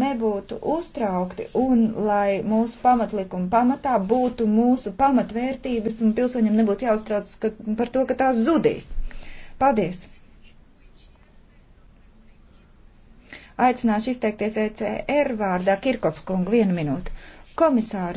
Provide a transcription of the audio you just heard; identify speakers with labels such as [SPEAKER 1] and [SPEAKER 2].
[SPEAKER 1] nebūtu uztraukti un lai mūsu pamatlikuma pamatā būtu mūsu pamatvērtības un pilsoņiem nebūtu jāuztrauc ka, par to, ka tās zudīs. Paldies! Aicināšu izteikties ECR vārdā Kirkops kungu vienu minūtu. Komisāra